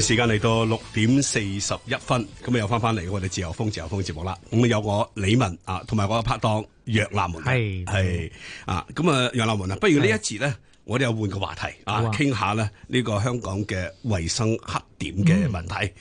時間嚟到六點四十一分，咁又翻翻嚟我哋自由風自由風節目啦。咁啊有我李文啊，同埋我嘅拍檔楊立文係係啊。咁啊楊立文啊，不如呢一節呢，的我哋又換個話題啊，傾、啊、下呢、呢個香港嘅衛生黑點嘅問題。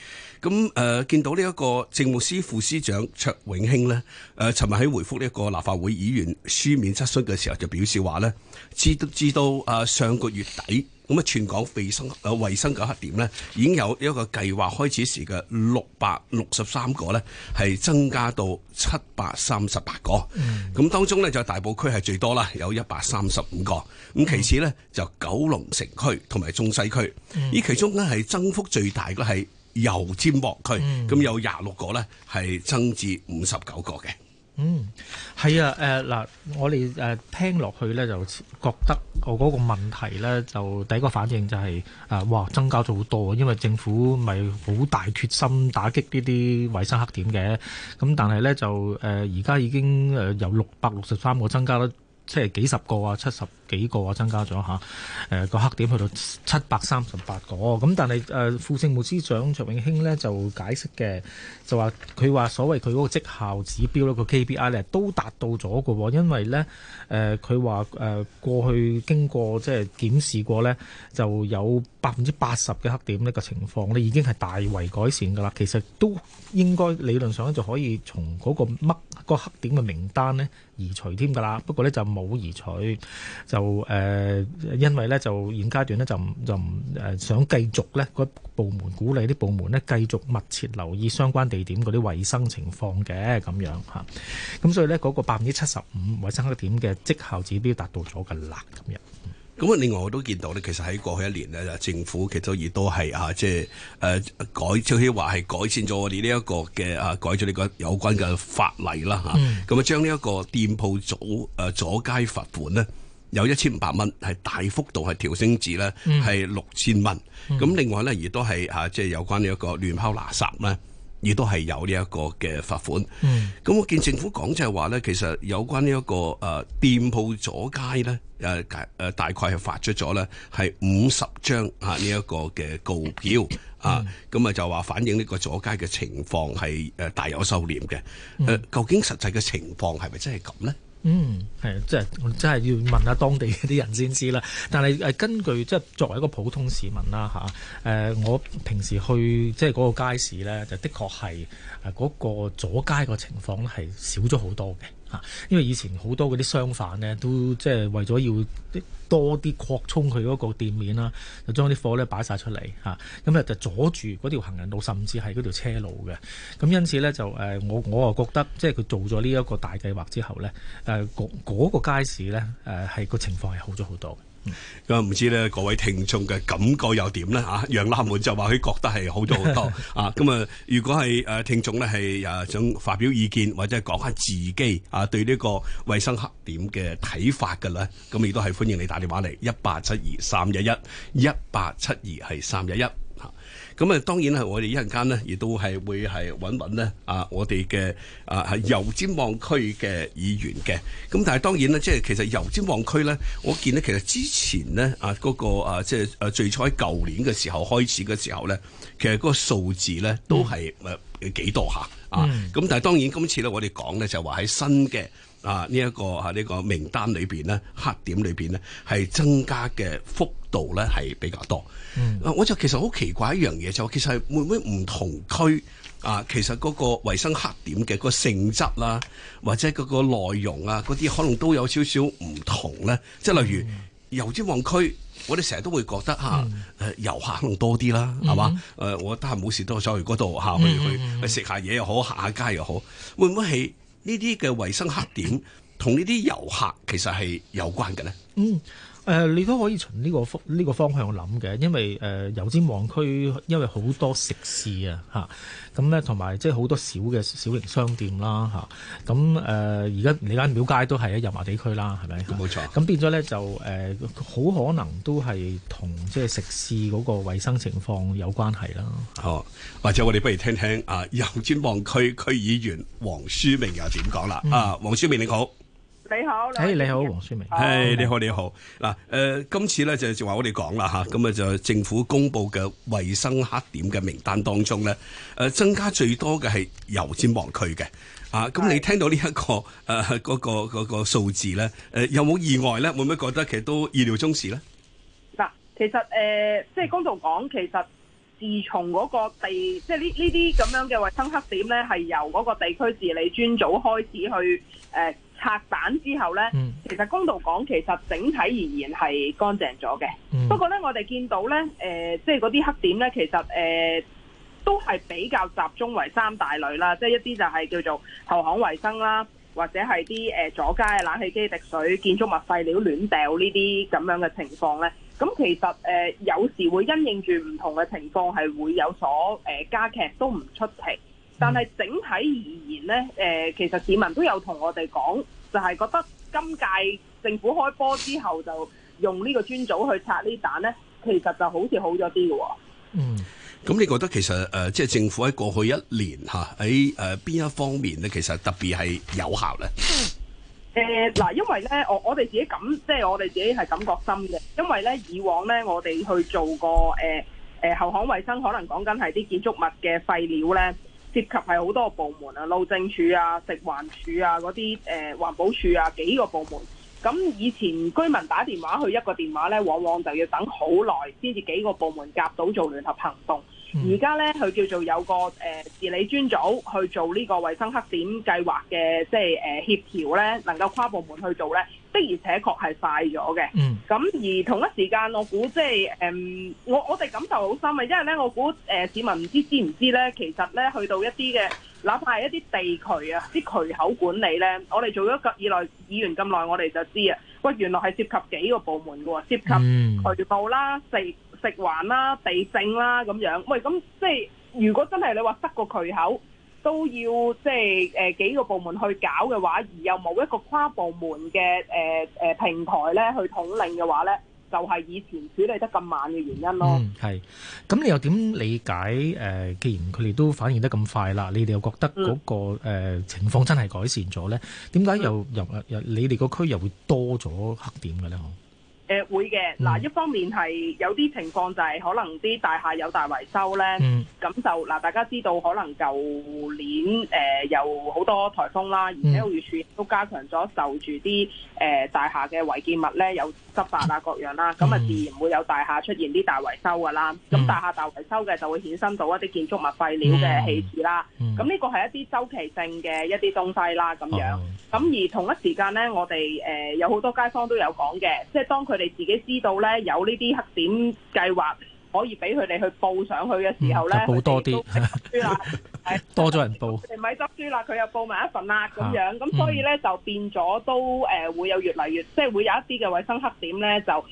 咁誒、嗯呃、見到呢一個政務司副司長卓永興呢，誒、呃，尋日喺回復呢一個立法會議員書面質詢嘅時候，就表示話呢至到啊上個月底。咁啊，全港衞生啊，衛生嘅黑點咧，已經有一個計劃開始時嘅六百六十三個咧，係增加到七百三十八個。咁、嗯、當中咧就大埔區係最多啦，有一百三十五個。咁其次咧就九龍城區同埋中西區，依其中咧係增幅最大嘅係油尖旺區。咁、嗯、有廿六個咧係增至五十九個嘅。嗯，係啊，誒、呃、嗱，我哋誒、呃、聽落去咧，就覺得我嗰個問題咧，就第一個反應就係、是、誒、呃，哇，增加咗好多，因為政府咪好大決心打擊呢啲衛生黑點嘅，咁但係咧就誒而家已經誒由六百六十三個增加啦。即係幾十個啊，七十幾個啊，增加咗下誒個、呃、黑點去到七百三十八個，咁但係誒、呃、副政務司長卓永興呢，就解釋嘅，就話佢話所謂佢嗰個績效指標咧個 KPI 咧都達到咗喎，因為呢，誒佢話誒過去經過即係檢視過呢，就有百分之八十嘅黑點呢個情況呢已經係大為改善㗎啦。其實都應該理論上就可以從嗰個乜個個黑點嘅名單呢，移除添噶啦，不過咧就冇移除，就誒、呃、因為咧就現階段咧就就唔、呃、想繼續咧嗰、那個、部門鼓勵啲部門咧繼續密切留意相關地點嗰啲衛生情況嘅咁樣嚇，咁所以咧嗰、那個百分之七十五衛生黑點嘅績效指標達到咗嘅啦咁樣。咁啊！另外我都見到咧，其實喺過去一年咧，政府其實亦都係啊，即係誒、啊、改，即係話係改善咗我哋呢一個嘅啊，改咗呢個有關嘅法例啦嚇。咁啊，將呢一個店鋪阻、阻街罰款咧，由一千五百蚊係大幅度係調升至咧係六千蚊。咁另外咧，亦都係啊，即係有關呢一個亂拋垃圾咧。亦都係有呢一個嘅罰款。咁、嗯、我見政府講就係話咧，其實有關呢一個誒店鋪阻街咧，誒大概係發出咗咧係五十張啊呢一個嘅告票、嗯、啊，咁啊就話反映呢個阻街嘅情況係大有收斂嘅。嗯、究竟實際嘅情況係咪真係咁咧？嗯，係，即係，真係要問下當地啲人先知啦。但係，誒根據即係作為一個普通市民啦，嚇、啊，誒我平時去即係嗰個街市咧，就的確係誒嗰個阻街個情況係少咗好多嘅。因為以前好多嗰啲商販呢，都即係為咗要多啲擴充佢嗰個店面啦，就將啲貨呢擺晒出嚟嚇，咁咧就阻住嗰條行人路，甚至係嗰條車路嘅。咁因此呢，就誒我我又覺得，即係佢做咗呢一個大計劃之後呢，誒、嗰、嗰個街市呢，誒係個情況係好咗好多。咁啊，唔、嗯、知咧，各位聽眾嘅感覺又點咧？吓、啊，楊立門就話佢覺得係好咗好多啊。咁 啊，如果係誒聽眾咧係誒想發表意見或者係講下自己啊對呢個衛生黑點嘅睇法嘅咧，咁亦都係歡迎你打電話嚟一八七二三一一一八七二係三一一。咁啊，當然係我哋一陣間呢，亦都係會係揾揾呢啊！我哋嘅啊油尖旺區嘅議員嘅，咁但係當然呢，即係其實油尖旺區呢，我見呢，其實之前呢，啊嗰、那個啊，即係最初喺舊年嘅時候開始嘅時候呢，其實嗰個數字呢都係誒、嗯、幾多下啊！咁、嗯、但係當然今次呢，我哋講呢就係話喺新嘅啊呢一、這個啊呢、這個名單裏面，面呢，黑點裏面呢，係增加嘅幅。度咧係比較多，嗯啊、我就其實好奇怪一樣嘢就，其實係會唔會唔同區啊，其實嗰個衛生黑點嘅個性質啦、啊，或者嗰個內容啊，嗰啲可能都有少少唔同咧。即係、嗯、例如油尖旺區，我哋成日都會覺得吓，誒、啊、遊、嗯、客可能多啲啦，係嘛、嗯？誒、啊，我得閒冇事都想去嗰度吓，去去食下嘢又好，行下街又好。會唔會係呢啲嘅衛生黑點同呢啲遊客其實係有關嘅咧？嗯。誒、呃，你都可以從呢、這個這個方呢方向諗嘅，因為誒、呃、油尖旺區因為好多食肆啊，嚇咁咧，同埋即係好多小嘅小型商店啦，咁、啊、誒，而家你間廟街都係喺油麻地區啦，係咪？冇錯。咁變咗咧就誒，好、呃、可能都係同即係食肆嗰個衞生情況有關係啦。好、哦、或者我哋不如聽聽啊，油尖旺區區議員黃舒明又點講啦？嗯、啊，黃舒明你好。Hey, hey, 你好，你好，黃舒明，你好，你好，嗱，誒，今次咧就就話我哋講啦吓，咁啊就政府公布嘅衛生黑點嘅名單當中咧，誒、呃，增加最多嘅係油尖旺區嘅，啊，咁你聽到呢、這、一個誒嗰、呃那個、那個數字咧，誒、呃，有冇意外咧？會唔會覺得其實都意料中事咧？嗱，其實誒，即、呃、係、就是、公道講，其實自從嗰個地，即係呢呢啲咁樣嘅衛生黑點咧，係由嗰個地區治理專組開始去誒。呃拍散之後呢，其實公道講，其實整體而言係乾淨咗嘅。不過呢，我哋見到呢，呃、即係嗰啲黑點呢，其實、呃、都係比較集中為三大類啦，即係一啲就係叫做後巷衛生啦，或者係啲、呃、左街冷氣機滴水、建築物廢料亂掉呢啲咁樣嘅情況呢。咁其實、呃、有時會因應住唔同嘅情況，係會有所誒、呃、加劇都，都唔出奇。但係整體而言咧，誒，其實市民都有同我哋講，就係覺得今屆政府開波之後，就用呢個專組去拆呢啲彈咧，其實就好似好咗啲嘅。嗯，咁你覺得其實誒，即係政府喺過去一年吓喺誒邊一方面咧，其實特別係有效咧？誒，嗱，因為咧，我我哋自己感，即係我哋自己係感覺深嘅，因為咧以往咧，我哋去做過誒誒後巷衛生，可能講緊係啲建築物嘅廢料咧。涉及係好多個部門啊，路政署啊、食環署啊嗰啲、誒環保署啊幾個部門。咁以前居民打電話去一個電話呢，往往就要等好耐先至幾個部門夾到做聯合行動。而家、嗯、呢，佢叫做有個誒、呃、治理專組去做呢個衞生黑點計劃嘅，即係誒、呃、協調呢，能夠跨部門去做呢。的而且確係快咗嘅，咁、嗯、而同一時間，我估即係誒，我我哋感受好深啊，因為咧，我估誒市民唔知知唔知咧，其實咧去到一啲嘅，哪怕係一啲地渠啊，啲渠口管理咧，我哋做咗咁以來，議員咁耐，我哋就知啊，喂，原來係涉及幾個部門嘅喎，涉及渠務啦、食食環啦、地政啦咁樣，喂，咁即係如果真係你話塞個渠口。都要即係誒幾個部門去搞嘅話，而又冇一個跨部門嘅誒誒平台咧去統領嘅話咧，就係以前處理得咁慢嘅原因咯。係，咁你又點理解誒？既然佢哋都反應得咁快啦，你哋又覺得嗰個誒情況真係改善咗咧？點解又又又你哋個區又會多咗黑點嘅咧？誒、呃、會嘅，嗱、嗯、一方面係有啲情況就係可能啲大廈有大維修咧，咁、嗯、就嗱大家知道可能舊年誒、呃、有好多颱風啦，嗯、而且屋宇署都加強咗就住啲誒、呃、大廈嘅僭建物咧有執法啊各樣啦，咁啊、嗯嗯、自然會會有大廈出現啲大維修噶啦。咁、嗯、大廈大維修嘅就會衍生到一啲建築物廢料嘅棄置啦。咁呢、嗯嗯、個係一啲周期性嘅一啲東西啦咁樣。咁、哦、而同一時間咧，我哋誒、呃、有好多街坊都有講嘅，即係當佢。佢哋自己知道咧，有呢啲黑點計劃可以俾佢哋去報上去嘅時候咧，報多啲，多咗人報，佢咪執輸啦。佢又報埋一份啦，咁樣，咁所以咧就變咗都誒，會有越嚟越，即係會有一啲嘅衛生黑點咧，就誒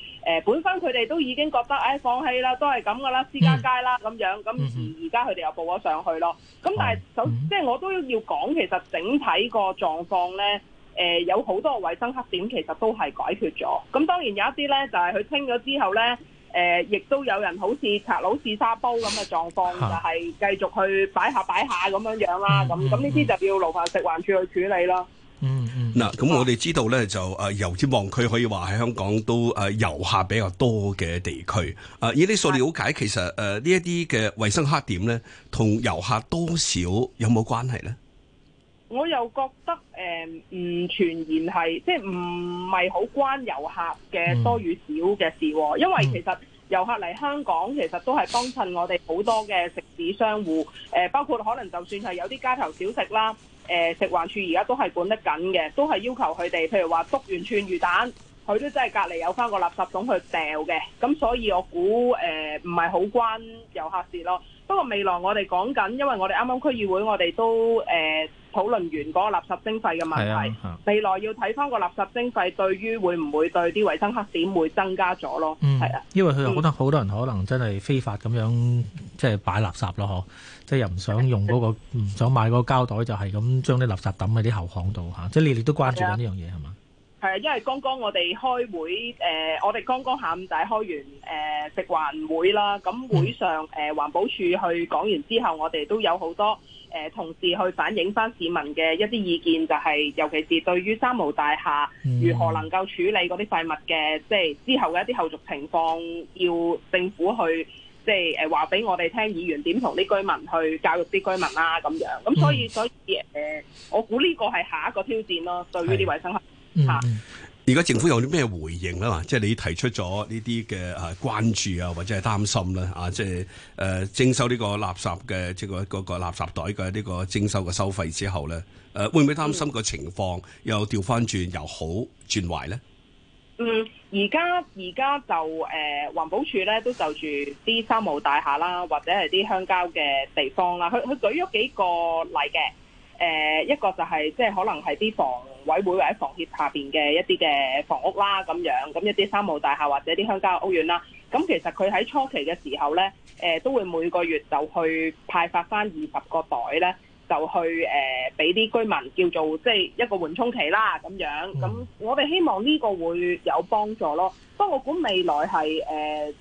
本身佢哋都已經覺得，誒放棄啦，都係咁噶啦，私家街啦，咁樣，咁而而家佢哋又報咗上去咯。咁但係首，即係我都要講，其實整體個狀況咧。誒、呃、有好多個衛生黑點，其實都係解決咗。咁當然有一啲咧，就係、是、佢清咗之後咧，誒、呃、亦都有人好似拆佬似沙煲咁嘅狀況，就係、是、繼續去擺下擺下咁樣嗯嗯嗯樣啦。咁咁呢啲就要勞煩食環署去處理咯。嗯，嗯，嗱、嗯嗯，咁、啊、我哋知道咧就油尖旺區可以話喺香港都誒、呃、遊客比較多嘅地區。啊、呃，以你所了解，的其實誒呢一啲嘅衛生黑點咧，同遊客多少有冇關係咧？我又覺得誒唔、呃、全然係即係唔係好關遊客嘅多與少嘅事，嗯、因為其實遊客嚟香港其實都係幫襯我哋好多嘅食肆商戶、呃、包括可能就算係有啲街頭小食、呃、食啦，食環署而家都係管得緊嘅，都係要求佢哋譬如話篤完串魚蛋，佢都真係隔籬有返個垃圾桶去掉嘅。咁所以我估誒唔係好關遊客事咯。不過未來我哋講緊，因為我哋啱啱區議會我哋都，我哋都誒。討論完嗰個垃圾徵費嘅問題，啊啊、未來要睇返個垃圾徵費對於會唔會對啲衞生黑點會增加咗咯？係、嗯、啊，因為我覺得好多人可能真係非法咁樣即係、就是、擺垃圾咯，嗬、嗯！即係又唔想用嗰、那個唔、啊、想買嗰個膠袋，就係咁將啲垃圾抌喺啲後巷度嚇。即係你哋都關注緊呢樣嘢係嘛？係啊，啊因為剛剛我哋開會誒、呃，我哋剛剛下午就係開完誒、呃、食環會啦。咁會上誒、呃、環保署去講完之後，我哋都有好多。誒同時去反映翻市民嘅一啲意見，就係、是、尤其是對於三無大廈如何能夠處理嗰啲廢物嘅，即係、嗯、之後嘅一啲後續情況，要政府去即係誒話俾我哋聽，議員點同啲居民去教育啲居民啦。咁樣。咁所以、嗯、所以誒、呃，我估呢個係下一個挑戰咯，對於啲衞生嚇。嗯嗯而家政府有啲咩回應啦？嘛，即係你提出咗呢啲嘅啊關注啊，或者係擔心啦，啊，即係誒徵收呢個垃圾嘅即個垃圾袋嘅呢個徵收嘅收費之後咧，誒、呃、會唔會擔心這個情況又調翻轉由好轉壞咧？嗯，而家而家就誒環、呃、保署咧都就住啲三無大廈啦，或者係啲鄉郊嘅地方啦，佢佢舉咗幾個例嘅，誒、呃、一個就係、是、即係可能係啲房。委會或者房協下邊嘅一啲嘅房屋啦，咁樣咁一啲三無大廈或者啲鄉郊屋苑啦，咁其實佢喺初期嘅時候呢，誒、呃、都會每個月就去派發返二十個袋呢，就去誒俾啲居民叫做即係一個緩衝期啦，咁樣咁我哋希望呢個會有幫助咯。不過我估未來係誒、呃，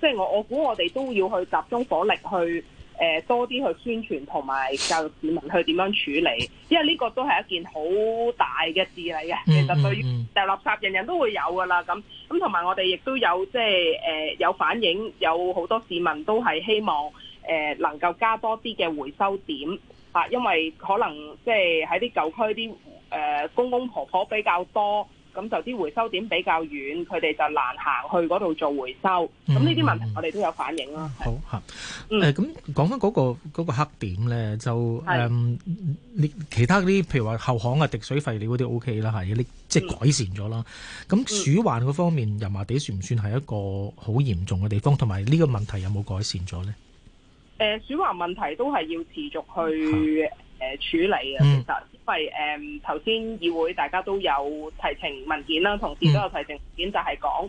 即係我我估我哋都要去集中火力去。誒多啲去宣傳同埋教育市民去點樣處理，因為呢個都係一件好大嘅事嚟嘅。其實對於大垃圾，人人都會有㗎啦。咁咁同埋我哋亦都有即係誒有反映，有好多市民都係希望、呃、能夠加多啲嘅回收點啊，因為可能即係喺啲舊區啲、呃、公公婆婆比較多。咁就啲回收點比較遠，佢哋就難行去嗰度做回收。咁呢啲問題我哋都有反映啦。好吓，嗯，咁講翻嗰個、嗰個黑點咧，就誒，你是、嗯、其他啲，譬如話後巷啊、滴水廢料嗰啲，O K 啦，係你即係改善咗啦。咁鼠患嗰方面，油麻、嗯、地算唔算係一個好嚴重嘅地方？同埋呢個問題有冇改善咗咧？誒、呃，鼠患問題都係要持續去誒是、呃、處理啊，其實。嗯因為誒，頭、呃、先議會大家都有提呈文件啦，同時都有提呈文件就係講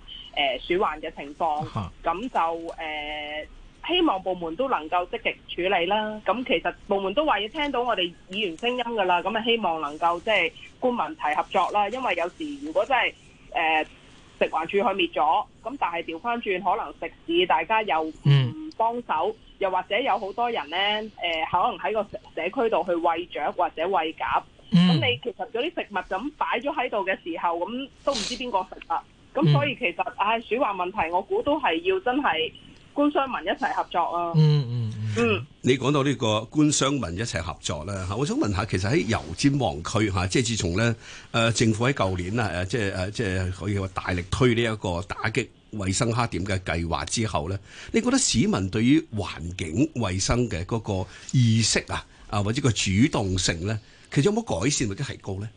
誒鼠患嘅情況，咁就誒、呃、希望部門都能夠積極處理啦。咁其實部門都話要聽到我哋議員聲音噶啦，咁啊希望能夠即係官民齊合作啦。因為有時如果真係誒食環署去滅咗，咁但係掉返轉可能食肆大家又嗯。幫手，又或者有好多人咧，誒、呃，可能喺個社區度去餵雀或者餵鴿，咁、嗯、你其實嗰啲食物咁擺咗喺度嘅時候，咁都唔知邊個食啦。咁所以其實，唉、嗯哎，鼠患問題，我估都係要真係官商民一齊合作啊。嗯嗯嗯。嗯嗯嗯你講到呢個官商民一齊合作咧，我想問下，其實喺油尖旺區嚇，即係自從咧，誒政府喺舊年啊，即係誒、呃啊、即係、啊、可以話大力推呢一個打擊衛生黑點嘅計劃之後呢，你覺得市民對於環境衛生嘅嗰個意識啊，啊或者個主動性呢，其實有冇改善或者提高呢？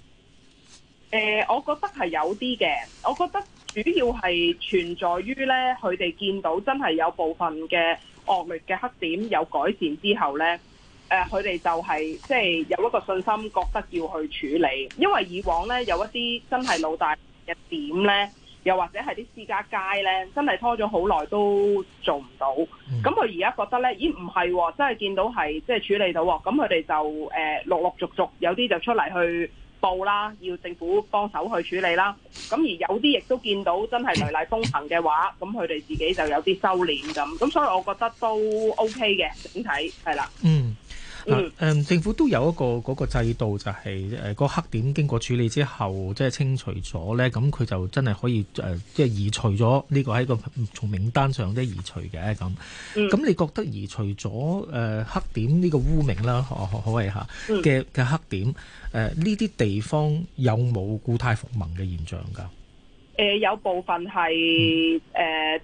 誒、呃，我覺得係有啲嘅。我覺得主要係存在於呢，佢哋見到真係有部分嘅惡劣嘅黑點有改善之後呢，誒、呃，佢哋就係即係有一個信心，覺得要去處理。因為以往呢，有一啲真係老大嘅點呢。又或者係啲私家街呢，真係拖咗好耐都做唔到。咁佢而家覺得呢，咦唔係、哦，真係見到係即係處理到、哦。咁佢哋就誒、呃、陸陸續續，有啲就出嚟去報啦，要政府幫手去處理啦。咁而有啲亦都見到真係雷厲風行嘅話，咁佢哋自己就有啲收斂咁。咁所以我覺得都 OK 嘅，整體係啦。嗯嗱、嗯，政府都有一個嗰、那個、制度、就是，就係誒個黑點經過處理之後，即、就、係、是、清除咗咧，咁佢就真係可以即係、呃就是、移除咗呢、這個喺個從名單上咧移除嘅咁。咁你覺得移除咗誒、呃、黑點呢個污名啦，可可可謂嚇嘅嘅黑點誒呢啲地方有冇故態復萌嘅現象㗎？誒、呃，有部分係誒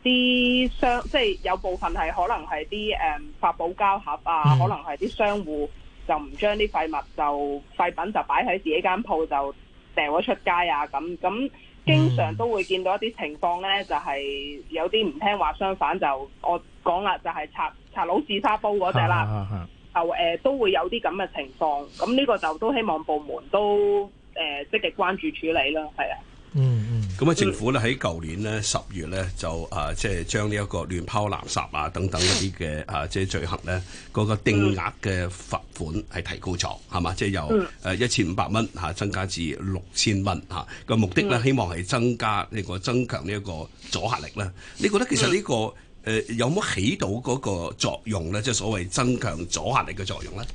啲商，即係有部分係可能係啲誒發泡膠盒啊，嗯、可能係啲商戶就唔將啲廢物就廢品就擺喺自己間鋪就掟咗出街啊，咁咁經常都會見到一啲情況咧，就係、是、有啲唔聽話，相反就我講啦，就係、是、拆拆佬自沙煲嗰隻啦，就誒、啊啊啊呃、都會有啲咁嘅情況，咁呢個就都希望部門都誒積極關注處理啦係啊。咁啊，嗯、政府咧喺舊年咧十月咧就啊，即係將呢一個亂拋垃圾啊等等的一啲嘅啊，即係罪行咧，嗰個定額嘅罰款係提高咗，係嘛？即係由誒一千五百蚊嚇增加至六千蚊嚇。個目的咧，希望係增加呢個增強呢一個阻嚇力。你覺得其實呢個誒有冇起到嗰個作用咧？即、係、所謂增強阻嚇力嘅作用咧？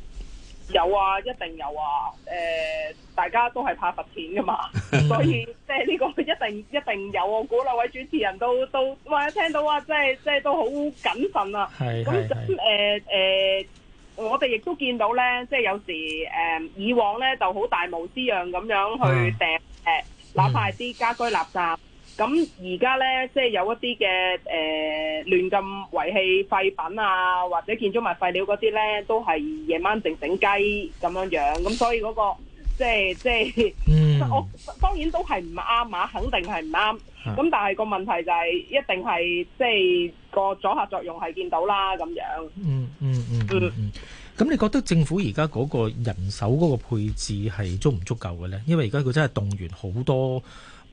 有啊，一定有啊！誒、呃，大家都係怕罰錢噶嘛，所以即係呢個一定一定有啊！嗰兩位主持人都都哇、哎，聽到哇、啊，即係即係都好謹慎啊！係係係誒誒，我哋亦都見到咧，即係有時誒、呃，以往咧就好大無知樣咁樣去訂誒是、呃，哪怕係啲家居垃圾。嗯咁而家呢，即係有一啲嘅誒亂咁遺棄廢品啊，或者建築物廢料嗰啲呢，都係夜晚靜靜雞咁樣樣，咁所以嗰、嗰個即係即係，嗯、我當然都係唔啱，嘛，肯定係唔啱。咁是但係個問題就係、是，一定係即係個阻嚇作用係見到啦咁樣。嗯嗯嗯嗯咁、嗯、你覺得政府而家嗰個人手嗰個配置係足唔足夠嘅呢？因為而家佢真係動員好多。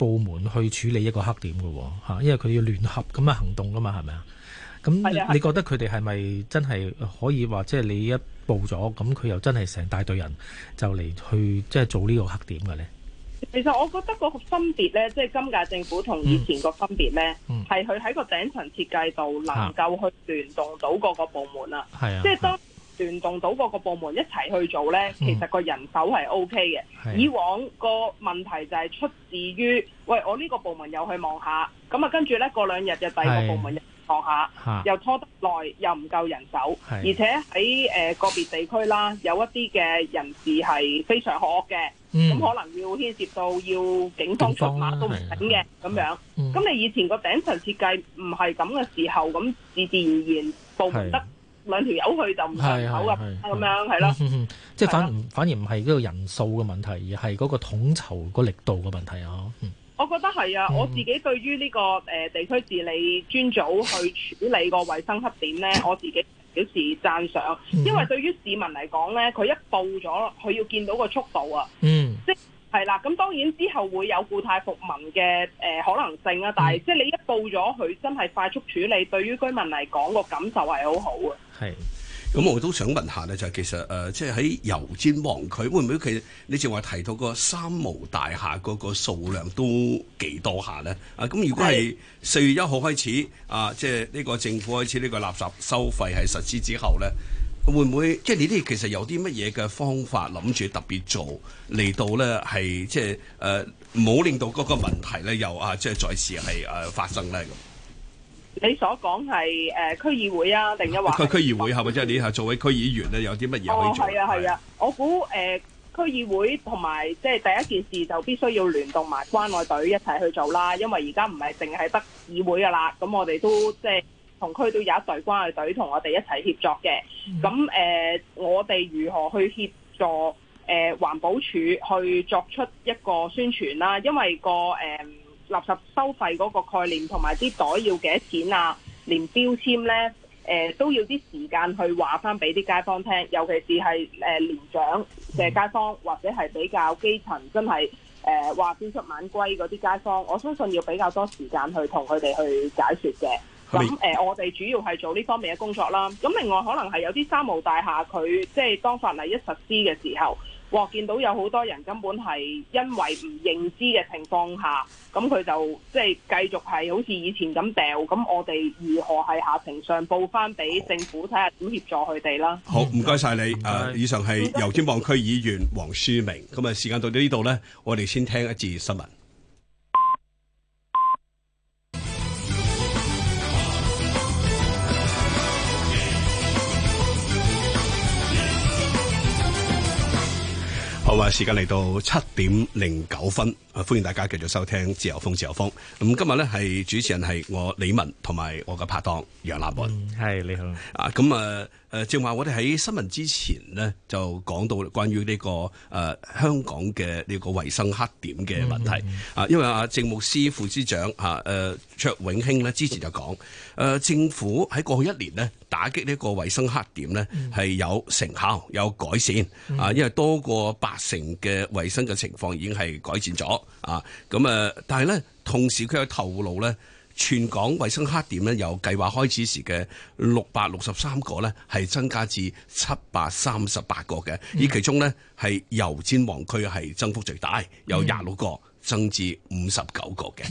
部門去處理一個黑點嘅喎，因為佢要聯合咁樣行動噶嘛，係咪啊？咁你覺得佢哋係咪真係可以話即係你一報咗，咁佢又真係成大隊人就嚟去即係做呢個黑點嘅呢？其實我覺得個分別呢，即係今屆政府同以前個分別呢，係佢喺個頂層設計度能夠去聯動到各個部門啦。係啊，啊即係當。聯動到各個部門一齊去做呢，其實個人手係 O K 嘅。嗯、以往個問題就係出自於，喂，我呢個部門又去望下，咁啊跟住呢？過兩日就第二個部門又望下，的又拖得耐，又唔夠人手，的而且喺誒、呃、個別地區啦，有一啲嘅人士係非常可惡嘅，咁、嗯、可能要牽涉到要警方出馬都唔緊嘅咁樣咁、嗯、你以前個頂層設計唔係咁嘅時候，咁自自然然部門得。兩條友去就唔上手咁，咁樣係咯，即係反反而唔係呢個人數嘅問題，而係嗰個統籌個力度嘅問題啊！我覺得係啊，我自己對於呢個誒地區治理專組去處理個衞生黑點呢，我自己表示讚賞，因為對於市民嚟講呢，佢一報咗，佢要見到個速度啊！即係係啦，咁當然之後會有故態復萌嘅誒可能性啊，但係即係你一報咗，佢真係快速處理，對於居民嚟講個感受係好好啊！係，咁是我都想問下咧，就係、是、其實誒、呃，即係喺油尖旺區，會唔會其實你淨話提到個三無大廈個個數量都幾多下咧？啊，咁如果係四月一號開始啊，即係呢個政府開始呢個垃圾收費係實施之後咧，會唔會即係你啲其實有啲乜嘢嘅方法諗住特別做嚟到咧，係即係唔好令到嗰個問題咧，又啊，即係再次係誒、啊、發生咧咁。你所講係誒區議會啊，定一話區區議會係咪啫？你嚇作為區議員咧，有啲乜嘢可以做？哦、啊係啊，我估誒、呃、區議會同埋即係第一件事就必須要聯動埋關愛隊一齊去做啦，因為而家唔係淨係得議會㗎喇，咁我哋都即係同區都有一隊關愛隊同我哋一齊協助嘅。咁誒、嗯呃，我哋如何去協助誒、呃、環保署去作出一個宣傳啦？因為個誒。呃垃圾收費嗰個概念同埋啲袋要幾多錢啊，連標籤呢、呃、都要啲時間去話翻俾啲街坊聽。尤其是係、呃、年長嘅街坊，或者係比較基層，真係誒話朝出晚歸嗰啲街坊，我相信要比較多時間去同佢哋去解説嘅。咁的、呃、我哋主要係做呢方面嘅工作啦。咁另外可能係有啲三無大廈，佢即係當法例一實施嘅時候。哇！見到有好多人根本係因為唔認知嘅情況下，咁佢就即係、就是、繼續係好似以前咁掉，咁我哋如何喺下情上報翻俾政府睇下點協助佢哋啦？好，唔該晒你。誒、啊，以上係油尖旺區議員黃舒明。咁啊煩， 時間到咗呢度呢，我哋先聽一節新聞。時間嚟到七點零九分。歡迎大家繼續收聽《自由風》，自由風。咁今日呢，係主持人係我李文，同埋我嘅拍檔楊立文。係、嗯、你好。啊，咁啊，誒，正話我哋喺新聞之前呢，就講到關於呢、呢個誒、呃、香港嘅呢個衛生黑點嘅問題。嗯嗯、啊，因為阿、啊、政務司副司長吓，誒、啊、卓永興呢之前就講，誒、啊、政府喺過去一年呢打擊呢個衛生黑點呢，係、嗯、有成效，有改善。啊，因為多過八成嘅衛生嘅情況已經係改善咗。啊，咁啊，但係咧，同時佢有透露咧，全港衛生黑點咧由計劃開始時嘅六百六十三個咧，係增加至七百三十八個嘅，而、嗯、其中呢，係油尖旺區係增幅最大，有廿六個增至五十九個嘅。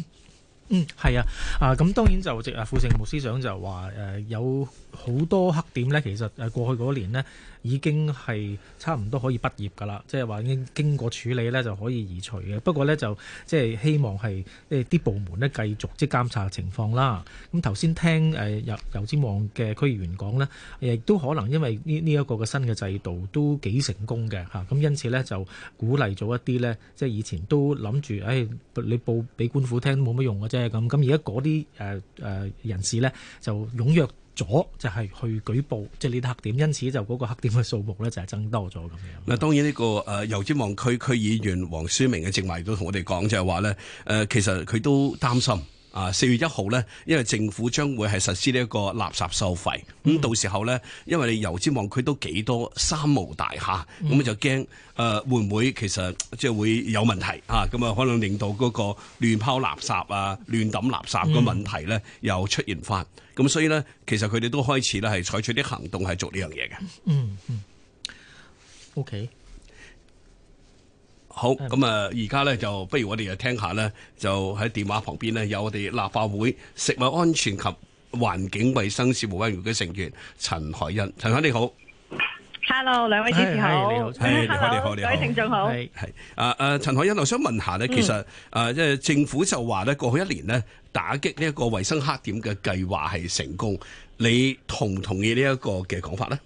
嗯，係、嗯、啊，啊，咁當然就即啊，副政務司長就話誒、呃，有好多黑點咧，其實誒過去嗰年呢。已經係差唔多可以畢業㗎啦，即係話已經經過處理咧就可以移除嘅。不過咧就即係希望係誒啲部門咧繼續即係監察情況啦。咁頭先聽誒油油尖旺嘅區議員講咧，亦都可能因為呢呢一個嘅新嘅制度都幾成功嘅嚇，咁因此咧就鼓勵咗一啲咧，即係以前都諗住誒你報俾官府聽都冇乜用嘅啫咁。咁而家嗰啲誒誒人士咧就踴躍。咗就係去舉報即係呢啲黑點，因此就嗰個黑點嘅數目咧就係、是、增多咗咁樣。嗱當然呢、呢個誒油尖旺區區議員黃舒明嘅職員都同我哋講就係話咧誒其實佢都擔心。啊！四月一號呢，因為政府將會係實施呢一個垃圾收費，咁、嗯、到時候呢，因為你油尖旺區都幾多三無大廈，咁、啊、就驚誒、呃、會唔會其實即係會有問題啊？咁啊，可能令到嗰個亂拋垃圾啊、亂抌垃圾個問題咧又出現翻，咁、嗯、所以呢，其實佢哋都開始咧係採取啲行動係做呢樣嘢嘅。嗯。O K。好，咁啊，而家咧就不如我哋就聽下咧，就喺電話旁邊咧有我哋立法會食物安全及環境衛生事務委員會嘅成員陳凱欣，陳凱你好，Hello，兩位主持好，你好，Hello, 好 hey, hey, 你好，hey, 你好，Hello, 你好，各位聽眾好，係係啊啊，陳、呃、凱欣，我想問一下咧，其實啊，即、呃、係政府就話咧過去一年咧打擊呢一個衛生黑點嘅計劃係成功，你同唔同意這的呢一個嘅講法咧？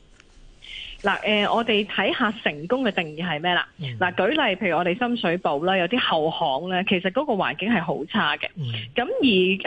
嗱、呃，我哋睇下成功嘅定義係咩啦？嗱、mm，hmm. 舉例，譬如我哋深水埗啦，有啲後巷咧，其實嗰個環境係好差嘅。咁、mm hmm.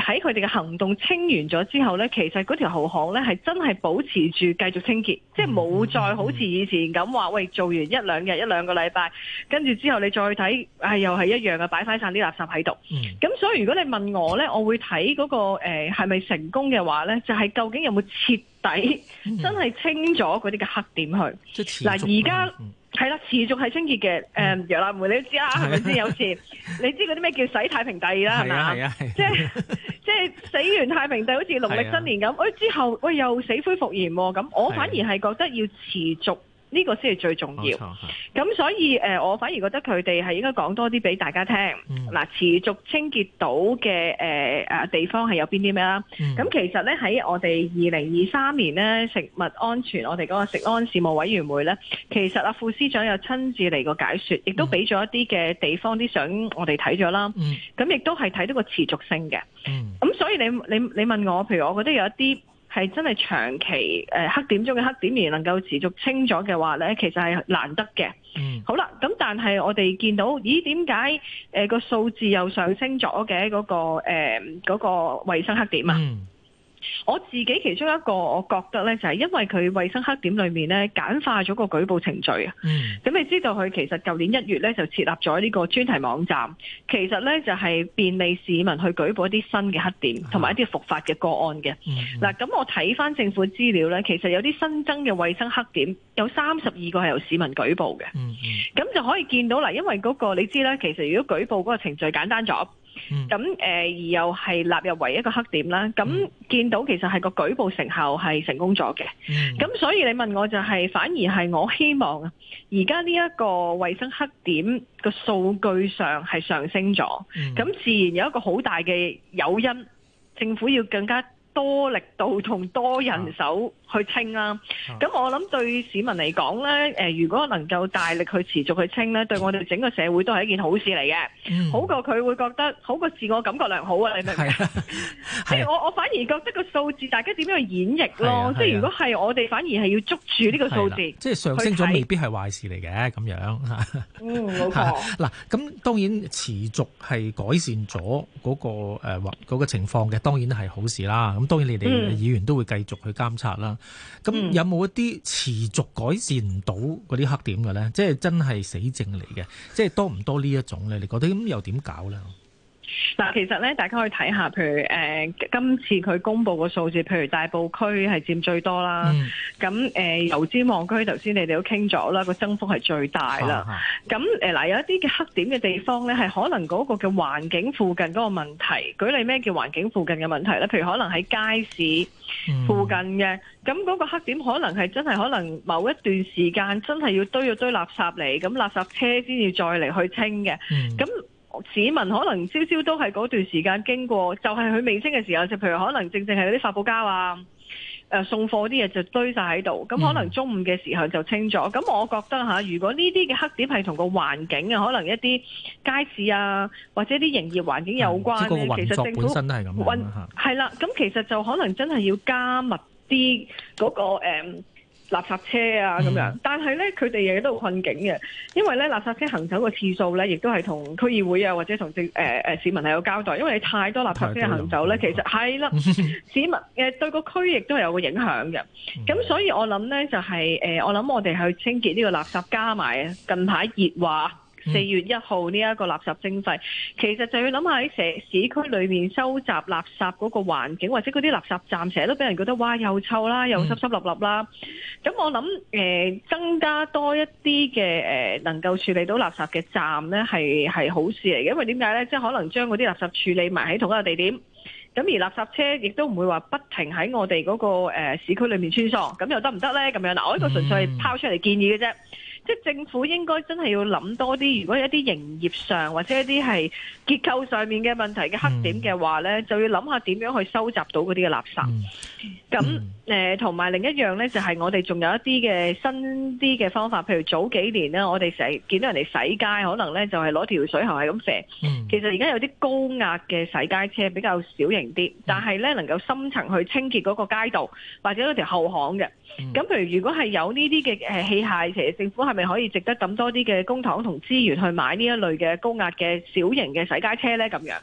而喺佢哋嘅行動清完咗之後呢，其實嗰條後巷呢係真係保持住繼續清潔，mm hmm. 即係冇再好似以前咁話，喂，做完一兩日、一兩個禮拜，跟住之後你再睇、哎、又係一樣嘅，擺返晒啲垃圾喺度。咁、mm hmm. 所以如果你問我呢，我會睇嗰、那個誒係咪成功嘅話呢，就係、是、究竟有冇設？ 真係清咗嗰啲嘅黑點去，嗱而家係啦，持續係清潔嘅。誒、um,，楊欄梅你都知啦，係咪先？ 是是有時 你知嗰啲咩叫洗太平地啦，係咪？即係即係洗完太平地，好似農曆新年咁。誒是、啊、之後，喂、哎、又死灰復燃喎、啊。咁我反而係覺得要持續。呢個先係最重要。咁錯所以誒、呃，我反而覺得佢哋係應該講多啲俾大家聽。嗱、嗯，持續清潔到嘅誒地方係有邊啲咩啦？咁、嗯、其實呢，喺我哋二零二三年呢，食物安全我哋嗰個食安事務委員會呢，其實啊副司長又親自嚟過解說，亦都俾咗一啲嘅地方啲相我哋睇咗啦。咁亦都係睇到個持續性嘅。咁、嗯、所以你你你問我，譬如我覺得有一啲。係真係長期誒、呃，黑點中嘅黑點而能夠持續清咗嘅話呢，其實係難得嘅。嗯，好啦，咁但係我哋見到咦點解誒個數字又上升咗嘅嗰個誒嗰、呃嗰個衞生黑點啊？嗯我自己其中一個我覺得呢，就係、是、因為佢衛生黑點裏面呢，簡化咗個舉報程序啊。咁、嗯、你知道佢其實舊年一月呢，就設立咗呢個專題網站，其實呢，就係、是、便利市民去舉報一啲新嘅黑點同埋一啲復發嘅個案嘅。嗱咁、嗯嗯、我睇翻政府資料呢，其實有啲新增嘅衛生黑點有三十二個係由市民舉報嘅。咁、嗯嗯、就可以見到啦，因為嗰、那個你知啦，其實如果舉報嗰個程序簡單咗。咁誒，嗯、而又係納入為一個黑點啦。咁見到其實係個舉報成效係成功咗嘅。咁、嗯、所以你問我就係、是，反而係我希望啊，而家呢一個衛生黑點個數據上係上升咗。咁、嗯、自然有一個好大嘅誘因，政府要更加多力度同多人手、啊。去清啦、啊，咁我諗對市民嚟講咧，誒、呃，如果能夠大力去持續去清咧，對我哋整個社會都係一件好事嚟嘅，嗯、好過佢會覺得好過自我感覺良好啊！你明唔明？係、啊啊 欸、我我反而覺得個數字大家點樣演繹咯，啊啊、即係如果係我哋反而係要捉住呢個數字、啊，即係上升咗未必係壞事嚟嘅，咁樣嗱，咁、 嗯 啊、當然持續係改善咗嗰、嗰個誒、呃嗰個情況嘅，當然係好事啦。咁當然你哋議員都會繼續去監察啦。嗯咁有冇一啲持續改善唔到嗰啲黑點嘅咧？即係真係死症嚟嘅，即係多唔多呢一種咧？你覺得咁又點搞咧？嗱，其實咧，大家可以睇下，譬如誒，今次佢公布嘅數字，譬如大埔區係佔最多啦。咁誒，油尖旺區頭先你哋都傾咗啦，個增幅係最大啦。咁誒，嗱，有一啲嘅黑點嘅地方咧，係可能嗰個嘅環境附近嗰個問題。舉例咩叫環境附近嘅問題咧？譬如可能喺街市附近嘅，咁嗰個黑點可能係真係可能某一段時間真係要堆要堆垃圾嚟，咁垃圾車先要再嚟去清嘅。咁市民可能朝朝都係嗰段時間經過，就係、是、佢未清嘅時候，就譬如可能正正係嗰啲發泡膠啊、誒送貨啲嘢就堆晒喺度。咁可能中午嘅時候就清咗。咁、嗯、我覺得如果呢啲嘅黑點係同個環境啊，可能一啲街市啊或者啲營業環境有關咧。嗯、其實政府本身係咁，係啦。咁其實就可能真係要加密啲嗰、那個、嗯垃圾車啊咁樣，但係呢，佢哋亦都好困境嘅，因為呢垃圾車行走個次數呢，亦都係同區議會啊或者同政、呃、市民係有交代，因為你太多垃圾車行走呢，其實係啦， 市民誒、呃、對個區域都係有個影響嘅。咁所以我諗呢，就係、是呃、我諗我哋去清潔呢個垃圾加埋，近排熱話。四月一號呢一個垃圾徵費，其實就要諗下喺市市區裏面收集垃圾嗰個環境，或者嗰啲垃圾站成日都俾人覺得哇又臭啦，又濕濕立立啦。咁我諗、呃、增加多一啲嘅、呃、能夠處理到垃圾嘅站呢係係好事嚟嘅。因為點解呢？即係可能將嗰啲垃圾處理埋喺同一個地點，咁而垃圾車亦都唔會話不停喺我哋嗰、嗰個、呃、市區裏面穿梭，咁又得唔得呢？咁樣嗱，我呢個純粹係拋出嚟建議嘅啫。即係政府應該真係要諗多啲，如果一啲營業上或者一啲係結構上面嘅問題嘅黑點嘅話呢、嗯、就要諗下點樣去收集到嗰啲嘅垃圾。咁誒、嗯，同埋、呃、另一樣呢，就係、是、我哋仲有一啲嘅新啲嘅方法，譬如早幾年呢，我哋成日見到人哋洗街，可能呢就係攞條水喉係咁射。嗯、其實而家有啲高壓嘅洗街車比較小型啲，但係呢能夠深層去清潔嗰個街道或者嗰條後巷嘅。咁、嗯、譬如如果係有呢啲嘅器械，其實政府係。咪可以值得抌多啲嘅公帑同資源去買呢一類嘅高壓嘅小型嘅洗街車呢，咁樣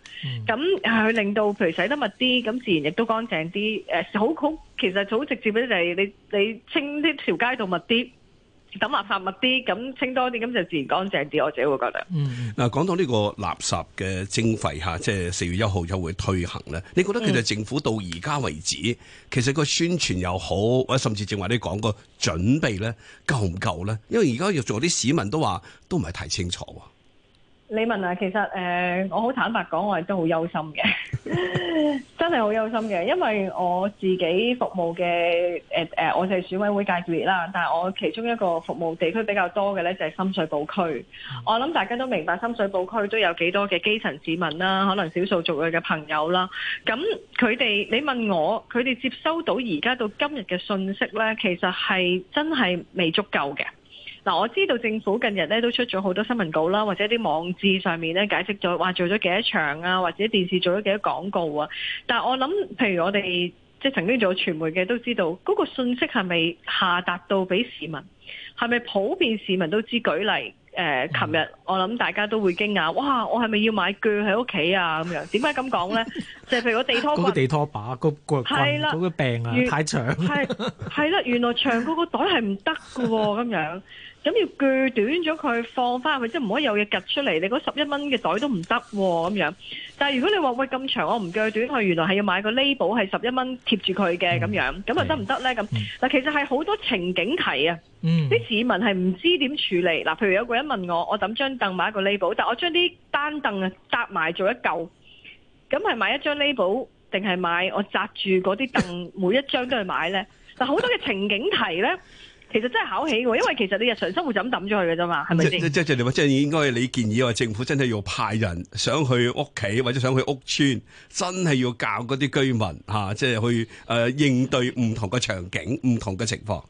咁係令到譬如洗得密啲，咁自然亦都乾淨啲。誒，好好其實好直接咧，就係你你清啲條街道密啲。抌垃圾密啲，咁清多啲，咁就自然乾淨啲。我自己會覺得。嗯，嗱，講到呢個垃圾嘅徵費嚇，即係四月一號又會推行咧。你覺得其實政府到而家為止，其實個宣傳又好，或者甚至正話你講個準備咧，夠唔夠咧？因為而家要做啲市民都話，都唔係太清楚喎。你問啊，其實誒、呃，我好坦白講，我亦都好憂心嘅，真係好憂心嘅，因為我自己服務嘅誒誒，我哋選委會界別啦，但我其中一個服務地區比較多嘅咧，就係深水埗區。嗯、我諗大家都明白，深水埗區都有幾多嘅基層市民啦，可能少數族裔嘅朋友啦，咁佢哋你問我，佢哋接收到而家到今日嘅信息咧，其實係真係未足夠嘅。嗱，我知道政府近日咧都出咗好多新聞稿啦，或者啲網誌上面咧解釋咗話做咗幾多場啊，或者電視做咗幾多廣告啊。但係我諗，譬如我哋即係曾經做過傳媒嘅都知道，嗰個信息係咪下達到俾市民？係咪普遍市民都知舉例？誒，琴日、呃、我諗大家都會驚訝，哇！我係咪要買鋸喺屋企啊？咁點解咁講咧？就係 譬如地個地拖把，那個地拖把個個病啊，原太長的。係係啦，原來長嗰個袋係唔得㗎喎，咁樣咁要鋸短咗佢放翻去，即係唔可以有嘢夾出嚟。你嗰十一蚊嘅袋都唔得喎，咁樣。但如果你話喂咁長，我唔鋸短佢，原來係要買個 label，係十一蚊貼住佢嘅咁樣，咁啊得唔得咧？咁嗱、嗯，其實係好多情景題啊！啲市民係唔知點處理嗱，譬如有個人問我，我抌張凳買一個 label，但係我將啲單凳啊搭埋做一嚿，咁係買一張 label 定係買我紮住嗰啲凳每一張都去買咧？嗱，好多嘅情景題咧，其實真係考起嘅，因為其實你日常生活就咁抌咗佢嘅啫嘛，係咪先？即係即係你話，即係應該你建議話政府真係要派人上去屋企或者上去屋村，真係要教嗰啲居民吓，即係去誒應對唔同嘅場景、唔同嘅情況。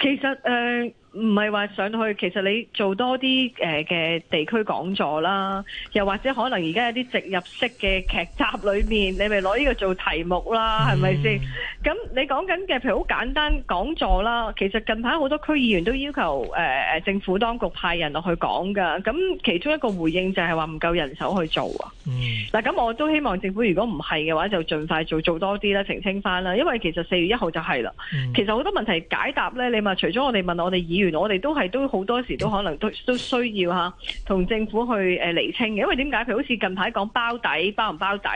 其實誒。唔係話上去，其實你做多啲誒嘅地區講座啦，又或者可能而家有啲植入式嘅劇集裏面，你咪攞呢個做題目啦，係咪先？咁你講緊嘅譬如好簡單講座啦，其實近排好多區議員都要求誒、呃、政府當局派人落去講噶，咁其中一個回應就係話唔夠人手去做啊。嗱、mm.，咁我都希望政府如果唔係嘅話就盡快做做多啲啦，澄清翻啦，因為其實四月一號就係啦。Mm. 其實好多問題解答咧，你咪除咗我哋問我哋以原來我哋都係都好多時候都可能都都需要吓，同政府去誒厘清嘅。因為點解？譬如好似近排講包底，包唔包底，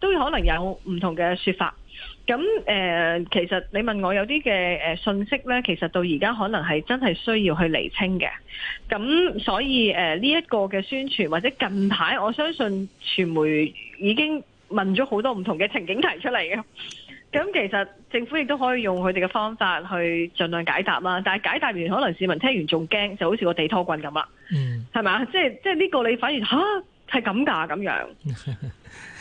都可能有唔同嘅說法。咁誒、呃，其實你問我有啲嘅誒信息呢，其實到而家可能係真係需要去厘清嘅。咁所以誒呢一個嘅宣傳或者近排，我相信傳媒已經問咗好多唔同嘅情景提出嚟嘅。咁其實政府亦都可以用佢哋嘅方法去盡量解答啦，但係解答完可能市民聽完仲驚，就好似個地拖棍咁啦，係咪啊？即係即係呢個你反而嚇係咁㗎咁樣咁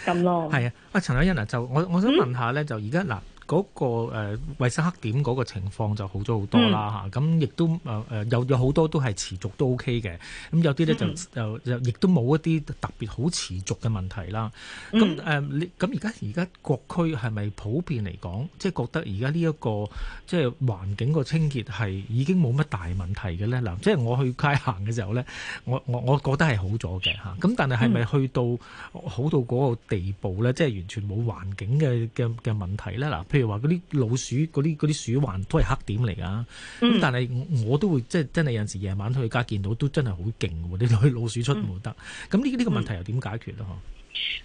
樣咯。係啊，阿陳凱欣啊，就我我想問下咧，嗯、就而家嗱。嗰、那個誒、呃、衛生黑點嗰個情況就好咗好多啦嚇，咁亦、嗯、都誒誒、呃、有有好多都係持續都 OK 嘅，咁有啲咧就、嗯、就亦都冇一啲特別好持續嘅問題啦。咁誒你咁而家而家各區係咪普遍嚟講，即、就、係、是、覺得而家呢一個即係、就是、環境個清潔係已經冇乜大問題嘅咧？嗱、呃，即、就、係、是、我去街行嘅時候咧，我我我覺得係好咗嘅嚇。咁、啊、但係係咪去到、嗯、好到嗰個地步咧？即、就、係、是、完全冇環境嘅嘅嘅問題咧？嗱、呃。譬如話嗰啲老鼠，嗰啲啲鼠環都係黑點嚟噶咁、嗯、但係我都會即係真係有陣時夜晚去家見到都真係好勁，啲老鼠出唔得，咁呢呢個問題又點解決咯？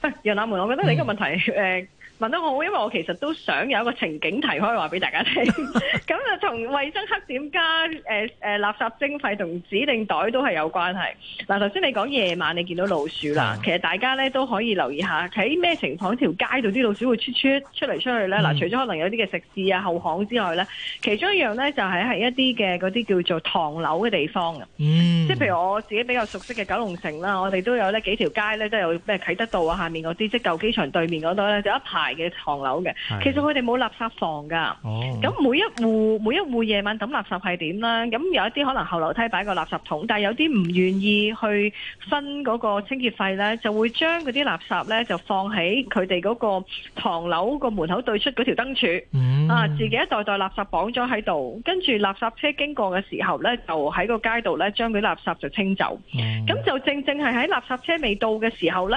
嗬、嗯？楊、呃、梅，我覺得你個問題誒。嗯問得我好，因為我其實都想有一個情景提可以話俾大家聽。咁啊，同衞生黑點加誒誒、呃呃、垃圾徵費同指定袋都係有關係。嗱、呃，頭先你講夜晚你見到老鼠啦，嗯、其實大家咧都可以留意一下喺咩情況條街度啲老鼠會出出出嚟出去咧。嗱、嗯，除咗可能有啲嘅食肆啊、後巷之外咧，其中一樣咧就係、是、係一啲嘅嗰啲叫做唐樓嘅地方嘅。嗯、即係譬如我自己比較熟悉嘅九龍城啦，我哋都有呢幾條街咧都有咩啟德道啊、下面嗰啲即係舊機場對面嗰度咧，就一排。嘅唐樓嘅，其實佢哋冇垃圾房噶。哦，咁每一戶每一戶夜晚抌垃圾係點呢？咁有一啲可能後樓梯擺個垃圾桶，但係有啲唔願意去分嗰個清潔費咧，就會將嗰啲垃圾咧就放喺佢哋嗰個唐樓個門口對出嗰條燈柱啊，自己一袋袋垃圾綁咗喺度，跟住垃圾車經過嘅時候咧，就喺個街道咧將啲垃圾就清走。咁就正正係喺垃圾車未到嘅時候咧，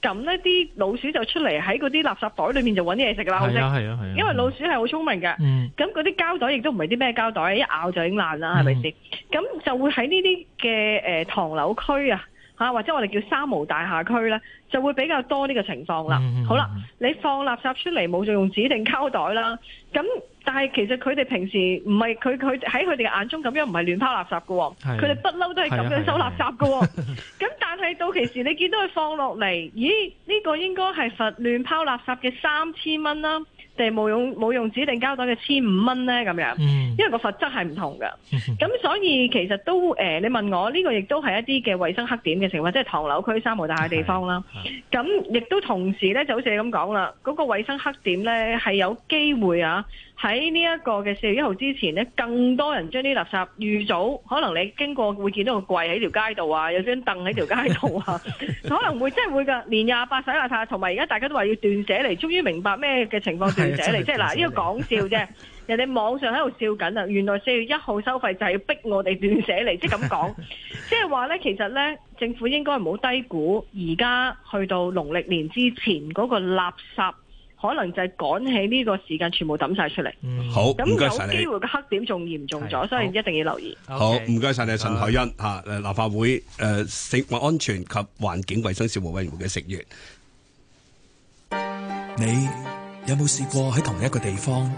咁呢啲老鼠就出嚟喺嗰啲垃圾袋。裏面就搵啲嘢食啦，好啲、啊，啊啊、因為老鼠係好聰明嘅，咁嗰啲膠袋亦都唔係啲咩膠袋，一咬就已經爛啦，係咪先？咁、嗯、就會喺呢啲嘅誒唐樓區啊。嚇、啊，或者我哋叫三無大廈區呢，就會比較多呢個情況啦。嗯嗯、好啦，你放垃圾出嚟冇就用指定膠袋啦。咁但係其實佢哋平時唔係佢，佢喺佢哋眼中咁樣唔係亂拋垃圾嘅、哦，佢哋不嬲都係咁樣收垃圾嘅、哦。咁、啊啊啊、 但係到其時你見到佢放落嚟，咦？呢、呢個應該係罰亂拋垃圾嘅三千蚊啦。定冇用冇用指定膠袋嘅千五蚊咧，咁樣，因為個罰則係唔同㗎，咁 所以其實都誒、呃，你問我呢、呢個亦都係一啲嘅衞生黑點嘅情況，即係唐樓區三毛大廈嘅地方啦。咁亦 都同時咧，就好似你咁講啦，嗰、嗰個衞生黑點咧係有機會啊。喺呢一個嘅四月一號之前咧，更多人將啲垃圾預早，可能你經過會見到個櫃喺條街度啊，有張凳喺條街度啊， 可能會即係會㗎。年廿八洗邋遢，同埋而家大家都話要斷捨離，終於明白咩嘅情況 斷捨離，即係嗱呢個講笑啫。人哋網上喺度笑緊啊，原來四月一號收費就係要逼我哋斷捨離，即係咁講，即係話咧，其實咧政府應該唔好低估而家去到農曆年之前嗰個垃圾。可能就係趕起呢個時間全部抌晒出嚟。嗯、機好，咁有機會嘅黑點仲嚴重咗，所以一定要留意。好，唔該晒你陳恩，陳凱欣吓，誒，立法會誒，食、呃、物安全及環境衛生事務委員會嘅成員。你有冇試過喺同一個地方？